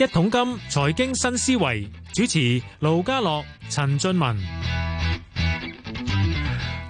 一桶金財經新思維，主持盧家樂、陳俊文，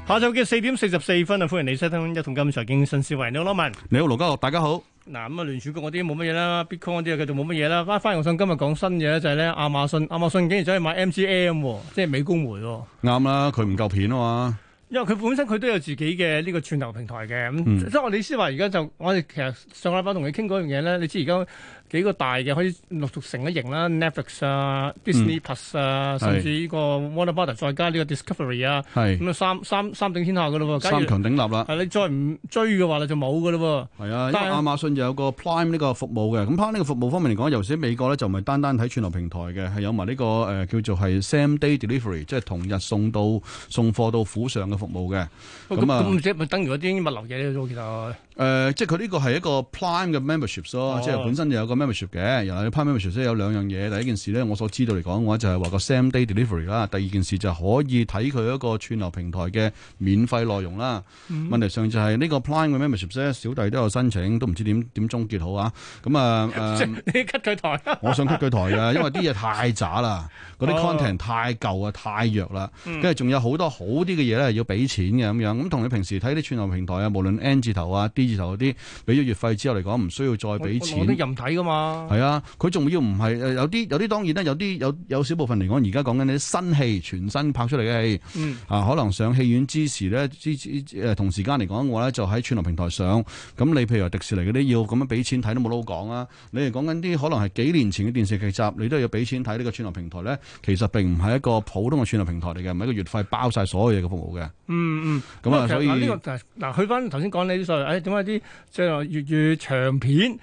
下晝嘅四點四十四分啊，歡迎你收聽一桶金財經新思維。你好，羅文。你好，盧家樂，大家好。嗱咁啊，聯儲局嗰啲冇乜嘢啦，bitcoin 嗰啲啊，佢就冇乜嘢啦。翻翻嚟我想今日講新嘢就係咧，亞馬遜，亞馬遜竟然走去買 MGM，哦、即係美高梅。啱啦，佢唔夠片啊嘛。因為佢本身佢都有自己嘅呢個串流平台嘅，咁、嗯、即係我意思話而家就我哋其實上禮拜同你傾嗰樣嘢咧，你知而家。幾個大嘅可以陸續成一型啦，Netflix 啊、Disney Plus 啊，甚至呢個 Warner Bros 再加呢個 Discovery 啊，咁啊三三三鼎天下噶嘞喎，三強鼎立啦。係你再唔追嘅話咧，就冇噶嘞喎。係啊，因為亞馬遜就有個 Prime 呢個服務嘅。咁 Prime 呢個服務方面嚟講，尤其是美國咧，就唔係單單睇串流平台嘅，係有埋呢個誒叫做係 Same Day Delivery，即係同日送到送貨到府上嘅服務嘅。咁啊，咁即係咪等於一啲物流嘢嚟咗㗎？其實誒、呃，即係佢呢個係一個 prime 嘅 membership 咯、哦，即係本身就有個 membership 嘅，然後啲 prime membership 有兩樣嘢。第一件事咧，我所知道嚟講嘅話，我就係話個 same day delivery 啦。第二件事就可以睇佢一個串流平台嘅免費內容啦、嗯。問題上就係呢個 prime 嘅 membership 咧，小弟都有申請，都唔知點點終結好啊。咁啊、呃、 你 cut 佢台？我想 cut 佢台啊， 因為啲嘢太渣啦，嗰、哦、啲 content 太舊啊，太弱啦，跟住仲有好多好啲嘅嘢咧，要俾錢嘅咁樣。咁同你平時睇啲串流平台啊，無論 N 字頭啊頭嗰啲俾咗月費之後嚟講，唔需要再俾錢我。我任睇噶嘛？係啊，佢仲要唔係誒？有啲有啲當然啦，有啲有有少部分嚟講，而家講緊啲新戲，全新拍出嚟嘅戲，啊，可能上戲院之時咧，誒同時間嚟講，我咧就喺串流平台上。咁你譬如話迪士尼嗰啲要咁樣俾錢睇都冇撈講啊！你哋講緊啲可能係幾年前嘅電視劇集，你都要俾錢睇呢個串流平台咧。其實並唔係一個普通嘅串流平台嚟嘅，唔係一個月費包晒所有嘢嘅服務嘅。嗯嗯，咁啊，所以呢個嗱，去翻頭先講你啲咁啊！啲即係粵語長片，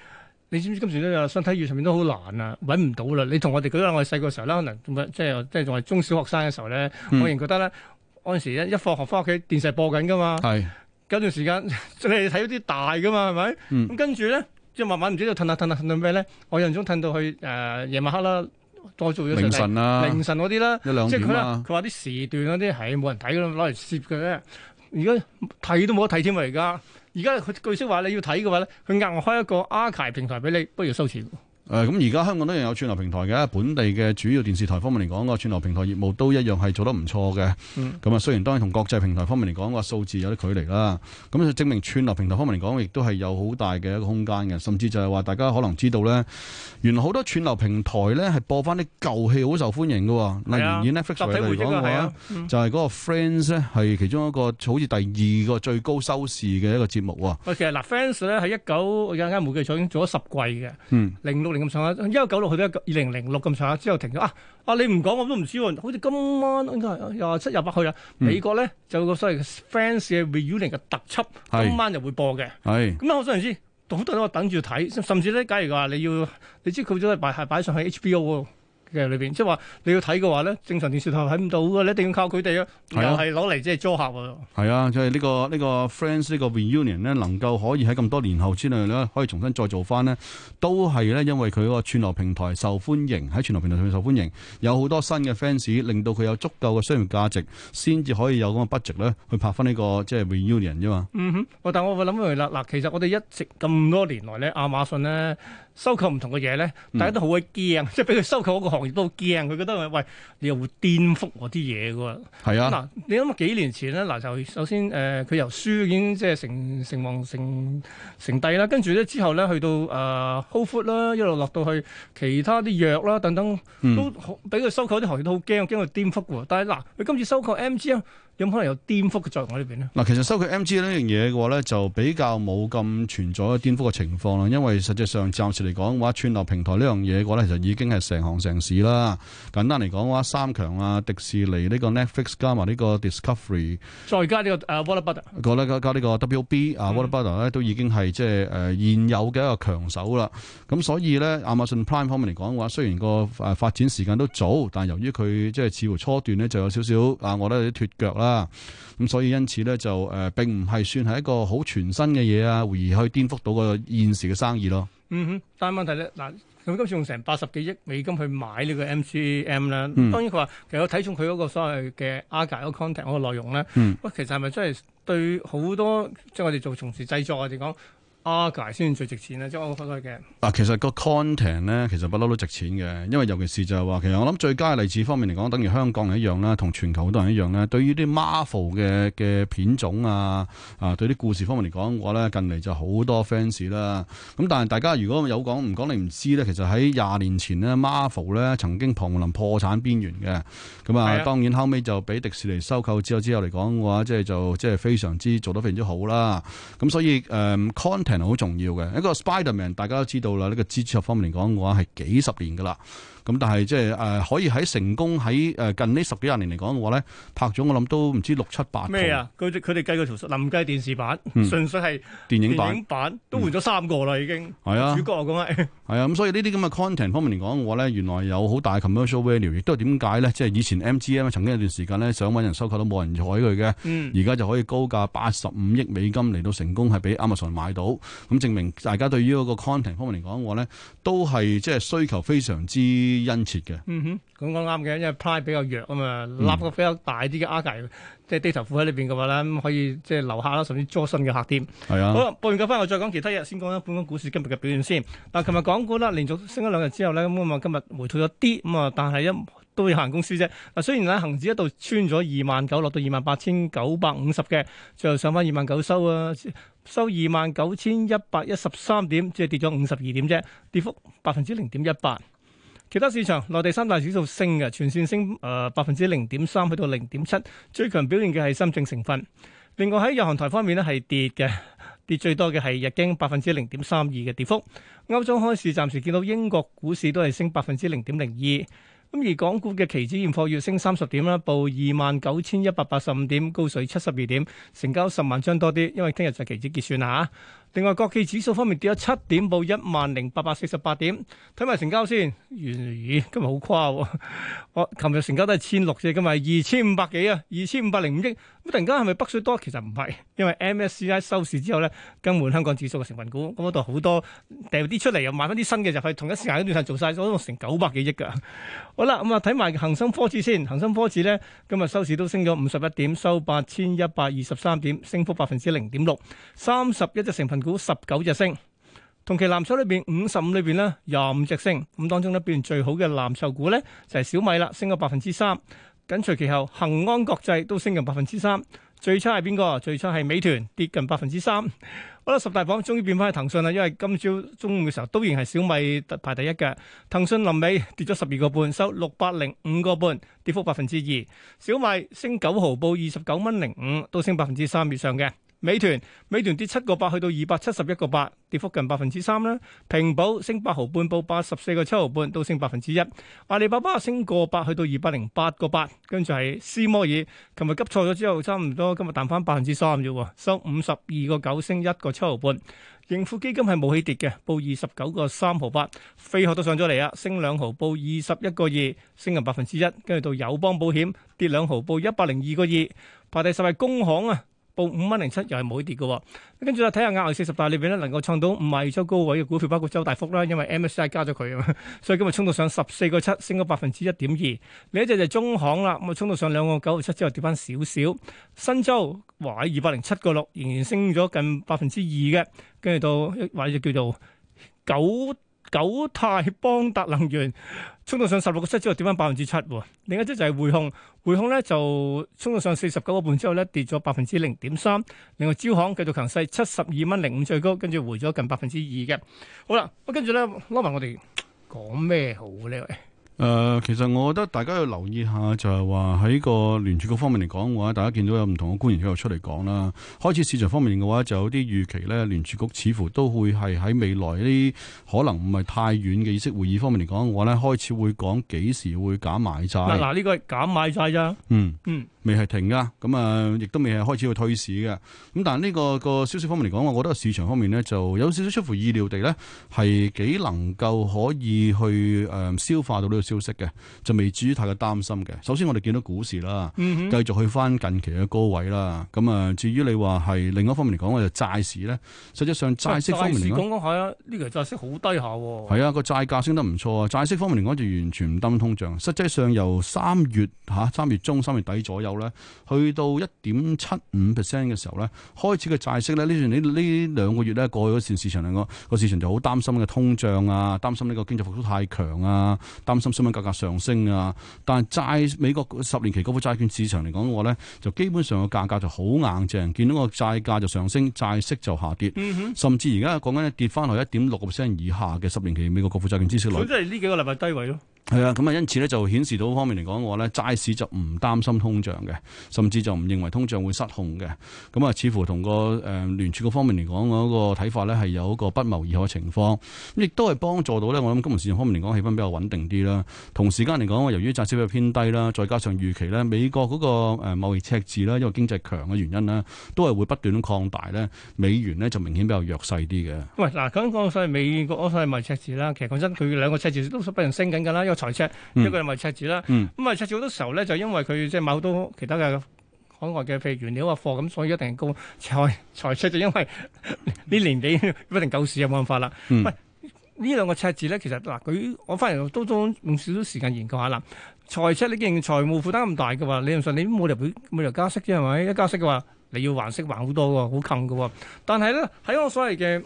你知唔知？今時呢又想睇粵語長片都好難啊，揾唔到啦。你同我哋覺得，我哋細個時候啦，可能即係即係仲係中小學生嘅時候咧，我、嗯、仍覺得咧，嗰陣時一一放學翻屋企，電視播緊㗎嘛。係嗰段時間，你睇到啲大㗎嘛？係、嗯、咪、嗯？咁跟住咧，即係慢慢唔知到褪下褪下褪到咩咧？我印象中褪到去誒夜、呃、晚黑啦，多做咗凌晨啦，凌晨嗰啲啦，即係佢佢話啲時段嗰啲係冇人睇㗎，攞嚟攝嘅啫。而家睇都冇得睇添啊！而家。而家據悉話你要睇嘅話咧，佢額外開一個 Archive 平台俾你，不如收錢。誒咁而家香港都有串流平台嘅，本地嘅主要電視台方面嚟講，個串流平台業務都一樣係做得唔錯嘅。咁、嗯、啊，雖然當然同國際平台方面嚟講，個數字有啲距離啦，咁就證明串流平台方面嚟講亦都係有好大嘅一個空間嘅。甚至就係話大家可能知道咧，原來好多串流平台咧係播翻啲舊戲好受歡迎嘅、啊。例如 Netflix 嚟講啊，啊嗯、就係、是、嗰個 Friends 咧係其中一個好似第二個最高收視嘅一個節目啊。喂、嗯，其實嗱，Friends 咧喺一九有間無記廠已經做咗十季嘅，嗯咁上下一九九六去到二零零六咁上下，之後停咗啊！啊你唔講我都唔知喎，好似今晚應該係廿七廿八去啊！嗯、美國咧就有個所謂嘅 Friends 嘅 reunion 嘅特輯，今晚就會播嘅。咁可想而知，好多人都等住睇，甚至咧假如話你要你知佢都係擺喺擺上去 HBO 喎。嘅裏邊，即係話你要睇嘅話咧，正常電視台睇唔到嘅，你一定要靠佢哋啊。係、就係、啊，係攞嚟即係租客啊。係啊，即係呢個呢個 Friends 呢個 reunion 咧，能夠可以喺咁多年後之內咧，可以重新再做翻呢，都係咧，因為佢個串流平台受歡迎，喺串流平台上面受歡迎，有好多新嘅 fans，令到佢有足夠嘅商業價值，先至可以有咁嘅 budget 咧，去拍翻、呢、呢個即係、就係、reunion 啫嘛。嗯哼，我但我會諗到嚟啦，嗱，其實我哋一直咁多年來咧，亞馬遜咧。收購唔同嘅嘢咧，大家都好鬼驚，即係俾佢收購嗰個行業都好驚，佢覺得喂，你又會顛覆我啲嘢嘅喎。係啊，嗱你諗幾年前咧，嗱就首先誒佢由書已經即係成成王成成帝啦，跟住咧之後咧去到誒 Whole Foods 啦，一路落到去其他啲藥啦等等，都俾佢收購啲行業都好驚，驚佢顛覆喎。但係嗱佢今次收購 MGM 啊，有冇可能有顛覆嘅作用喺呢邊咧？嗱，其實收購 MGM 呢樣嘢嘅話咧，就比較冇咁存在嘅顛覆嘅情況啦，因為實際上暫時。嚟講嘅話，串流平台呢樣嘢嘅咧，就已經係成行成市啦。簡單嚟講嘅話，三強啊，迪士尼呢、這個 Netflix 加埋呢個 Discovery，再加呢個誒 Warner、嗯、Brothers 個加呢個 W B 啊 Warner Brothers 咧，都已經係即係誒現有嘅一個強手啦。咁所以咧，亞馬遜 Prime 方面嚟講嘅話，雖然個誒發展時間都早，但係由於佢即係似乎初段咧就有少少啊，我覺得有啲脫腳啦。咁所以因此咧就誒、呃，並唔係算係一個好全新嘅嘢啊，而去顛覆到個現時嘅生意咯。嗯哼，但係問題咧，嗱，佢今次用成八十幾億美金去買個呢個 MGM 啦。嗯、當然佢話其實我睇中佢嗰個所謂嘅 Agar 嗰個 content 嗰個內容咧，喂，嗯、其實係咪真係對好多即係我哋做從事製作我哋講？壓界先最值錢咧，即係我覺得嘅。嗱，其實個 content 咧，其實不嬲都值錢嘅，因為尤其是就係話，其實我諗最佳嘅例子方面嚟講，等於香港人一樣啦，同全球好多人一樣啦。對於啲 Marvel 嘅嘅片種啊，啊對啲故事方面嚟講嘅話咧，近嚟就好多 fans 啦。咁但係大家如果有講唔講你唔知咧，其實喺廿年前咧，Marvel 咧曾經瀕臨破產邊緣嘅。咁啊，啊，當然後尾就俾迪士尼收購之後之後嚟講嘅話，即係就即、是、係、就是、非常之做得非常之好啦。咁所以誒、嗯、content。好重要嘅一個 Spiderman，大家都知道啦。呢個支持方面嚟講嘅話，係幾十年噶啦。咁但係即係誒，可以喺成功喺近呢十幾廿年嚟講嘅話咧，拍咗我諗都唔知六七八咩啊？佢哋佢哋計個條數唔計電視版，純粹係電影版，電影版都換咗三個啦、嗯，已經。係啊，主角咁啊。係啊，咁所以呢啲咁嘅 content 方面嚟講嘅話咧，原來有好大 commercial value。亦都係點解咧？即係以前 MGM 曾經有段時間咧想揾人收購都冇人睬佢嘅。而、嗯、家就可以高價八十五億美金嚟到成功，係俾 Amazon 買到。咁證明大家對於嗰個 content 方面嚟講嘅話咧，都係即係需求非常之。恩切嘅，嗯哼，咁講啱嘅，因為 price 比較弱啊嘛、嗯，拉個比較大啲嘅 arch 即係低頭褲喺呢邊嘅話咧，咁可以即係留下啦，甚至捉新嘅客添。係啊，好，報完嘅翻，我再講其他嘢，先講翻本港股市今日嘅表現先。嗱、啊，琴日港股咧連續升咗兩日之後咧，咁、嗯、啊今日回吐咗啲咁啊，但係一都有限公司啫。嗱、啊，雖然喺恒指一度穿咗二萬九，落到二萬八千九百五十嘅，最後上翻二萬九收啊，收二萬九千一百一十三點，即係跌咗五十二點啫，跌幅百分之零點一八。其他市場，內地三大指數升嘅，全線升，誒百分之零點三去到零點七，最強表現嘅係深證成分。另外喺日韓台方面咧係跌嘅，跌最多嘅係日經百分之零點三二嘅跌幅。歐洲開市暫時見到英國股市都係升百分之零點零二。咁而港股嘅期指現貨月升三十點啦，報二萬九千一百八十五點，高水七十二點，成交十萬張多啲，因為聽日就期指結算嚇。另外，國企指數方面跌咗七點，報一萬零八百四十八點。睇埋成交先，原來，咦？今日好誇喎！我琴日成交都係千六啫，今日二千五百幾啊，二千五百零五億。咁突然間係咪北水多？其實唔係，因為 MSCI 收市之後咧，更換香港指數嘅成分股，咁度好多掉啲出嚟，又買翻啲新嘅就去，同一時間嗰段時間做晒咗，度成九百幾億嘅。好啦，咁啊，睇埋恒生科指先，恒生科指咧今日收市都升咗五十一點，收八千一百二十三點，升幅百分之零點六，三十一隻成分股。股十九隻升，同期藍籌裏邊五十五裏邊呢廿五隻升，咁當中呢變最好嘅藍籌股呢就係小米啦，升咗百分之三，緊隨其後恒安國際都升近百分之三，最差係邊個？最差係美團跌近百分之三。好啦，十大榜終於變翻係騰訊啦，因為今朝中午嘅時候都仍係小米排第一嘅，騰訊臨尾跌咗十二個半，收六百零五個半，跌幅百分之二，小米升九毫報二十九蚊零五，都升百分之三以上嘅。美團美團跌七個八，去到二百七十一個八，跌幅近百分之三啦。平保升八毫半，報八十四個七毫半，都升百分之一。阿里巴巴升個八，去到二百零八個八，跟住係斯摩爾，琴日急錯咗之後，差唔多今日彈翻百分之三啫，收五十二個九，升一個七毫半。盈富基金係冇起跌嘅，報二十九個三毫八。飛鶴都上咗嚟啊，升兩毫，報二十一個二，升近百分之一。跟住到友邦保險跌兩毫，報一百零二個二，排第十係工行啊。報五蚊零七又係冇跌嘅，跟住睇下亞太四十大裏面咧能夠創到五十二周高位嘅股票，包括周大福啦，因為 MSCI 加咗佢啊，所以今日衝到上十四個七，升咗百分之一點二。另一隻就係中行啦，咁啊衝到上兩個九個七之後跌翻少少。新洲哇喺二百零七個六，仍然升咗近百分之二嘅，跟住到或者叫做九 9...。九泰邦達能源衝到上十六個七之後跌翻百分之七，另一隻就係匯控，匯控咧就衝到上四十九個半之後咧跌咗百分之零點三，另外招行繼續強勢，七十二蚊零五最高，跟住回咗近百分之二嘅。好啦，跟住咧攞埋我哋講咩好呢？喂。誒、呃，其實我覺得大家要留意下，就係話喺個聯儲局方面嚟講嘅話，大家見到有唔同嘅官員佢又出嚟講啦。開始市場方面嘅話，就有啲預期咧，聯儲局似乎都會係喺未來呢啲可能唔係太遠嘅議息會議方面嚟講嘅話咧，開始會講幾時會減買債嗱嗱，呢、啊啊這個係減買債咋？嗯嗯。未係停㗎，咁啊，亦都未係開始去退市嘅。咁但係呢個個消息方面嚟講，我覺得市場方面咧就有少少出乎意料地咧，係幾能夠可以去誒消化到呢個消息嘅，就未至於太過擔心嘅。首先我哋見到股市啦，繼續去返近期嘅高位啦。咁、嗯、啊，至於你話係另一方面嚟講，就係、債市咧，實際上債息方面嚟講，講講下啊，呢、呢個債息好低下喎。係啊，個、啊、債價升得唔錯啊，債息方面嚟講就完全唔擔通脹。實際上由三月嚇三月中三月底左右，去到一點七五 percent 嘅時候咧，開始嘅債息咧，呢段呢呢兩個月咧過咗線，市場嚟講個市場就好擔心嘅通脹啊，擔心呢個經濟復甦太強啊，擔心新聞價格上升啊。但係債美國十年期國庫債券市場嚟講嘅話咧，就基本上個價格就好硬淨，見到個債價就上升，債息就下跌，嗯、甚至而家講緊跌翻去一點六個 percent 以下嘅十年期美國國庫債券孳息率，即係呢幾個禮拜低位咯。係啊，咁啊，因此咧就顯示到方面嚟講嘅話咧，債市就唔擔心通脹嘅，甚至就唔認為通脹會失控嘅。咁啊，似乎同個誒、呃、聯儲個方面嚟講嗰個睇法咧，係有一個不謀而合嘅情況。亦都係幫助到咧，我諗金融市場方面嚟講氣氛比較穩定啲啦。同時間嚟講，因為由於債息率偏低啦，再加上預期咧美國嗰個誒貿易赤字啦，因為經濟強嘅原因啦，都係會不斷擴大咧，美元咧就明顯比較弱勢啲嘅。喂，嗱，講講所謂美國所謂貿易赤字啦，其實講真，佢兩個赤字都俾人升緊㗎啦，因為財赤，嗯、一個係咪赤字啦？咁啊、嗯，赤字好多時候咧，就因為佢即係買好多其他嘅海外嘅譬如原料啊貨咁，所以一定高財財赤，就因為呢 年紀不停救市，有冇辦法啦。唔呢、嗯、兩個赤字咧，其實嗱，佢我翻嚟都都用少少時間研究下啦。財赤你既然財務負擔咁大嘅話，理論上你冇理由冇理由加息啫，係咪？一加息嘅話，你要還息還好多喎，好近嘅。但係咧，喺我所謂嘅。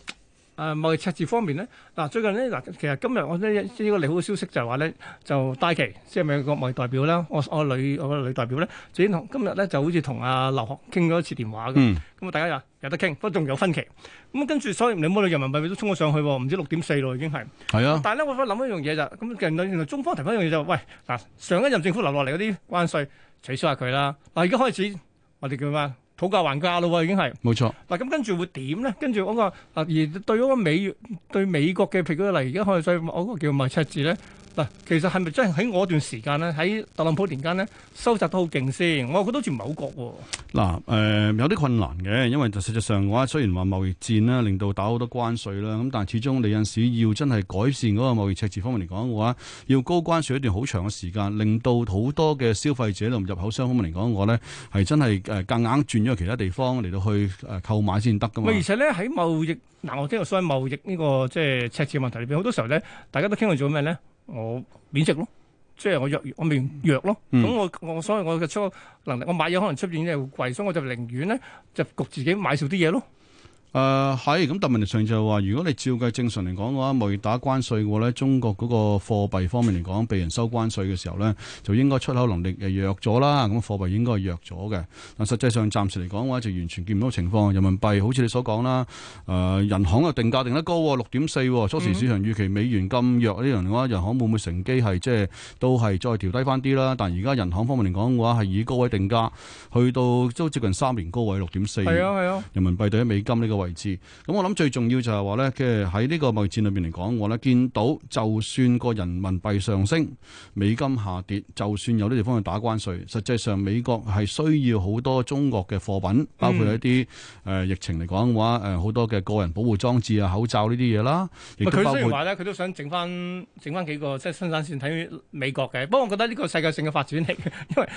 誒貿易赤字方面咧，嗱，最近咧嗱，其實今日我呢呢個利好嘅消息就係話咧，就戴琪即係美國貿易代表啦，我我女我個女代表咧，最先同今日咧就好似同阿劉鶴傾咗一次電話嘅，咁啊大家又又得傾，不過仲有分歧。咁跟住所以你冇理人民幣都衝咗上去，唔知六點四咯已經係。係啊。但係咧我覺得諗一樣嘢就，咁其實原來中方提翻一樣嘢就，喂，嗱上一任政府留落嚟嗰啲關稅取消下佢啦，嗱而家開始我哋叫咩？討價還價咯喎，已經係，冇錯。嗱、啊，咁跟住會點咧？跟住嗰、那個啊，而對嗰個美對美國嘅譬如嗰個例，而家可以再嗰個叫乜赤字咧？嗱，其實係咪真係喺我段時間呢？喺特朗普年間呢，收集得好勁先。我覺得好似唔係好覺喎。嗱，誒有啲困難嘅，因為就實際上嘅話，雖然話貿易戰呢令到打好多關稅啦，咁但係始終你有時候要真係改善嗰個貿易赤字方面嚟講嘅話，要高關稅一段好長嘅時間，令到好多嘅消費者同入口商方面嚟講，我咧係真係誒夾硬轉咗其他地方嚟到去誒購買先得㗎嘛。喂，而且咧喺貿易嗱，我聽落所謂貿易呢個即係赤字問題裏邊，好多時候呢，大家都傾去做咩呢？我貶值咯，即係我弱，我咪弱咯。咁、嗯、我我所以我嘅出能力，我買嘢可能出邊咧會貴，所以我就寧願咧就焗自己買少啲嘢咯。誒、呃、係，咁但問題上就係話，如果你照計正常嚟講嘅話，未打關稅嘅話咧，中國嗰個貨幣方面嚟講，被人收關稅嘅時候咧，就應該出口能力誒弱咗啦。咁貨幣應該係弱咗嘅。但實際上暫時嚟講嘅話，就完全見唔到情況。人民幣好似你所講啦，誒、呃、人行嘅定價定得高，六點四。當時市場預期美元咁弱，呢樣嘅話，人行會唔會乘機係即係都係再調低翻啲啦？但而家人行方面嚟講嘅話，係以高位定價，去到都接近三年高位六點四。係啊係啊，人民幣對於美金呢個。位置咁，我諗最重要就係話咧，即係喺呢個貿易戰裏邊嚟講，我咧見到就算個人民幣上升，美金下跌，就算有啲地方去打關稅，實際上美國係需要好多中國嘅貨品，包括一啲誒、嗯、呃、疫情嚟講嘅話，誒、呃、好多嘅個人保護裝置啊、口罩呢啲嘢啦。佢雖然話咧，佢都想整翻整翻幾個即係、就是、生產線，睇美國嘅。不過我覺得呢個世界性嘅發展嚟，因為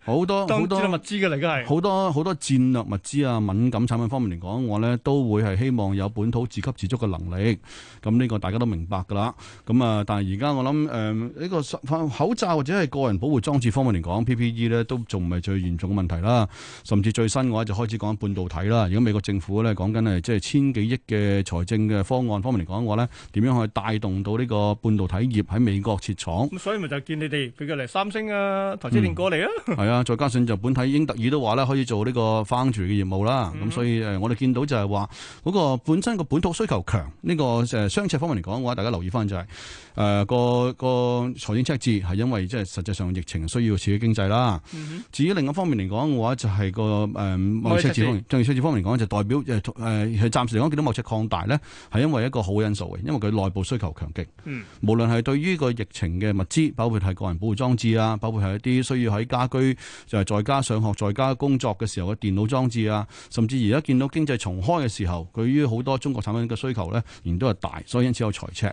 好多好多物資嘅嚟嘅係，好多好多，多戰略物資啊、敏感產品方面嚟講，咧都會係希望有本土自給自足嘅能力，咁、這、呢個大家都明白㗎啦。咁啊，但係而家我諗誒呢個口罩或者係個人保護裝置方面嚟講，PPE 咧都仲唔係最嚴重嘅問題啦。甚至最新嘅話就開始講半導體啦。如果美國政府咧講緊係即係千幾億嘅財政嘅方案方面嚟講嘅話咧，點樣可以帶動到呢個半導體業喺美國設廠？咁、嗯、所以咪就見你哋佢嘅嚟三星啊、台積電過嚟啊。係、嗯、啊，再加上就本體英特爾都話咧可以做呢個 foundry 嘅業務啦。咁、嗯、所以誒，我哋見到。就係、是、話、那個本身個本土需求強呢、這個誒雙赤方面嚟講嘅話，大家留意翻就係、是、誒、呃、個個財政赤字，係因為即係實際上疫情需要刺激經濟啦。嗯、至於另一方面嚟講嘅話就係、那個誒貿赤字方面，貿赤字方面嚟講就是代表誒係、呃、暫時講見到貿赤擴大咧，係因為一個好因素嘅，因為佢內部需求強勁，嗯，無論係對於個疫情嘅物資，包括係個人保護裝置啊，包括係一啲需要喺家居就係、是、在家上學在家工作嘅時候嘅電腦裝置啊，甚至而家見到經濟重。重開嘅時候，對於好多中國產品嘅需求咧，仍然都係大，所以因此有財赤。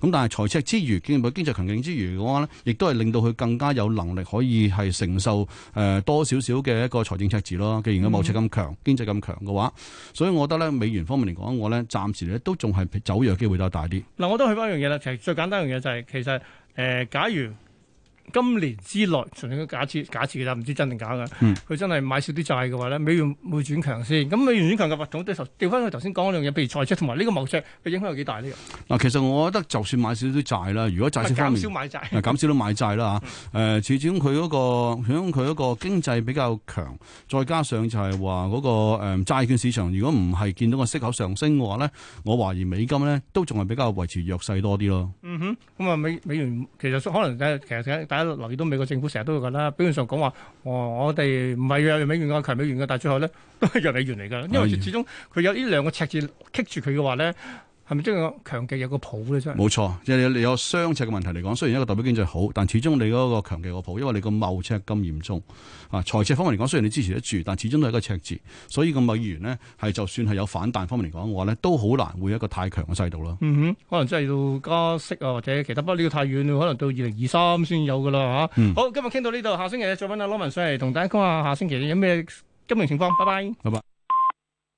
咁但係財赤之餘，兼佢經濟強勁之餘嘅話咧，亦都係令到佢更加有能力可以係承受誒、呃，多少少嘅一個財政赤字咯。既然佢貿易咁強，經濟咁強嘅話，所以我覺得咧，美元方面嚟講，我咧暫時咧都仲係走弱機會都係大啲。嗱、嗯，我都去翻一樣嘢啦，其實最簡單一樣嘢就係、是、其實誒、呃，假如。今年之內，純粹個假設，假設㗎啦，唔知真定假㗎。佢、嗯、真係買少啲債嘅話咧，美元會轉強先。咁美元轉強嘅物種，即係頭調翻佢頭先講嗰樣嘢，譬如債息同埋呢個貿易佢影響有幾大呢？嗱，其實我覺得就算買少啲債啦，如果債息方面減少買債，減少咗買債啦嚇。誒、 啊，始終佢嗰、那個，佢嗰、那個、個經濟比較強，再加上就係話嗰個、呃、債券市場，如果唔係見到個息口上升嘅話咧，我懷疑美金咧都仲係比較維持弱勢多啲咯。嗯哼，咁、嗯、啊、嗯嗯，美美元其實、就是、可能而家。留意到美國政府成日都會咁啦，表面上講話哦，我哋唔係弱美元嘅，強美元嘅，但最後咧都係弱美元嚟㗎，因為始終佢有這呢兩個赤字棘住佢嘅話咧。係咪即係個強勁有個譜咧？真係冇錯，即係有有雙赤嘅問題嚟講。雖然一個代表經濟好，但始終你嗰個強勁個譜，因為你個貿赤咁嚴重啊。財赤方面嚟講，雖然你支持得住，但始終都係一個赤字。所以個美元呢，咧，就算係有反彈方面嚟講，嘅話呢，都好難會有一個太強嘅勢度咯。嗯哼。可能真係到加息啊，或者其他不料太遠可能到二零二三先有噶啦嚇。好，今日傾到呢度，下星期再揾阿羅文上嚟同大家講下下星期有咩金融情況。拜拜，拜拜。